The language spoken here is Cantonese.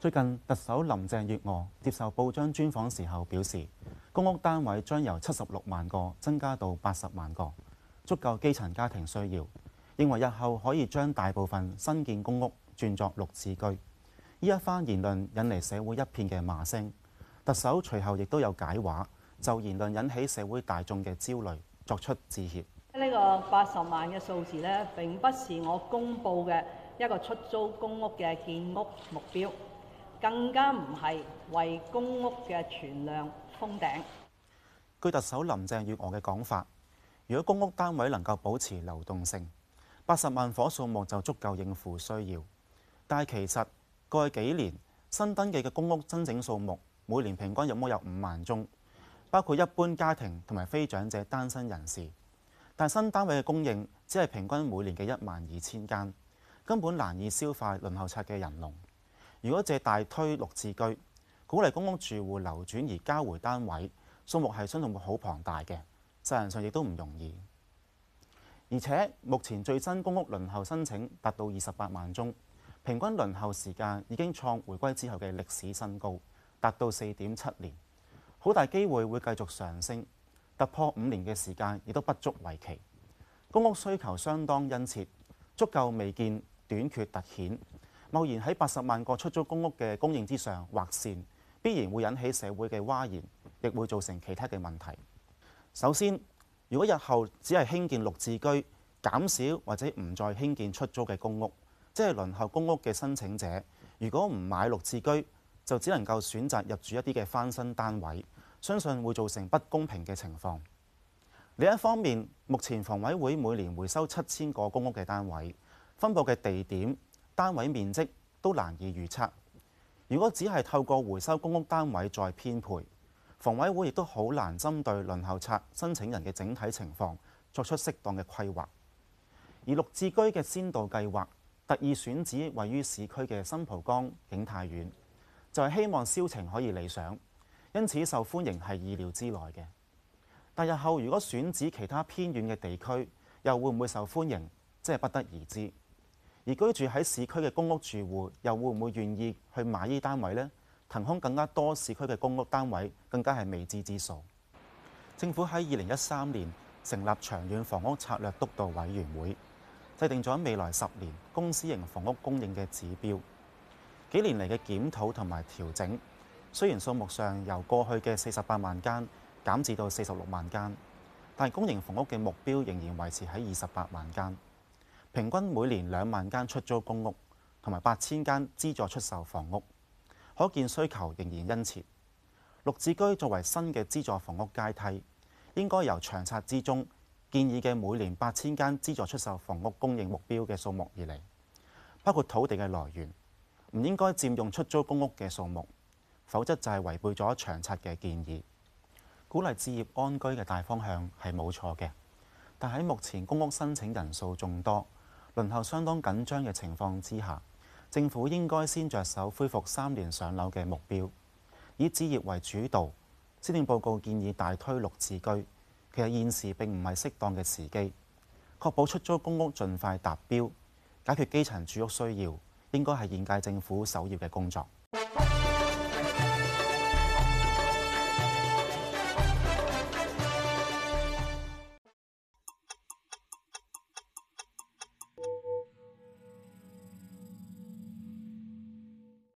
最近特首林鄭月娥接受報章專訪時候表示，公屋單位將由七十六萬個增加到八十萬個，足夠基層家庭需要，認為日後可以將大部分新建公屋轉作綠置居。呢一番言論引嚟社會一片嘅罵聲。特首隨後亦都有解話，就言論引起社會大眾嘅焦慮作出致歉。個呢個八十萬嘅數字咧，並不是我公布嘅一個出租公屋嘅建屋目標。更加唔係為公屋嘅存量封頂。據特首林鄭月娥嘅講法，如果公屋單位能夠保持流動性，八十萬伙數目就足夠應付需要。但係其實過去幾年新登記嘅公屋申請數目每年平均亦都有五萬宗，包括一般家庭同埋非長者單身人士。但新單位嘅供應只係平均每年嘅一萬二千間，根本難以消化輪候冊嘅人龍。如果借大推綠置居鼓勵公屋住戶流轉而交回單位，數目係相信會好龐大嘅，實際上亦都唔容易。而且目前最新公屋輪候申請達到二十八萬宗，平均輪候時間已經創回歸之後嘅歷史新高，達到四點七年，好大機會會繼續上升，突破五年嘅時間亦都不足為奇。公屋需求相當殷切，足夠未見短缺突顯。貿然喺八十萬個出租公屋嘅供應之上劃線，必然會引起社會嘅譁然，亦會造成其他嘅問題。首先，如果日後只係興建綠置居，減少或者唔再興建出租嘅公屋，即係輪候公屋嘅申請者，如果唔買綠置居，就只能夠選擇入住一啲嘅翻新單位，相信會造成不公平嘅情況。另一方面，目前房委會每年回收七千個公屋嘅單位，分佈嘅地點、單位面積都難以預測。如果只係透過回收公屋單位再編配，房委會亦都好難針對輪候冊申請人嘅整體情況作出適當嘅規劃。而綠置居嘅先導計劃特意選址位於市區嘅新蒲崗景泰苑，就係、是、希望銷情可以理想，因此受歡迎係意料之內嘅。但日後如果選址其他偏遠嘅地區，又會唔會受歡迎，真係不得而知。而居住喺市區嘅公屋住戶又會唔會願意去買呢單位呢？騰空更加多市區嘅公屋單位，更加係未知之數。政府喺二零一三年成立長遠房屋策略督導委員會，制定咗未來十年公私營房屋供應嘅指標。幾年嚟嘅檢討同埋調整，雖然數目上由過去嘅四十八萬間減至到四十六萬間，但公營房屋嘅目標仍然維持喺二十八萬間。平均每年兩萬間出租公屋同埋八千間資助出售房屋，可見需求仍然殷切。綠置居作為新嘅資助房屋階梯，應該由長策之中建議嘅每年八千間資助出售房屋供應目標嘅數目而嚟，包括土地嘅來源，唔應該佔用出租公屋嘅數目，否則就係違背咗長策嘅建議。鼓勵置業安居嘅大方向係冇錯嘅，但喺目前公屋申請人數眾多，輪候相當緊張嘅情況之下，政府應該先着手恢復三年上樓嘅目標，以置業為主導。施政報告建議大推綠置居，其實現時並唔係適當嘅時機。確保出租公屋盡快達標，解決基層住屋需要，應該係現屆政府首要嘅工作。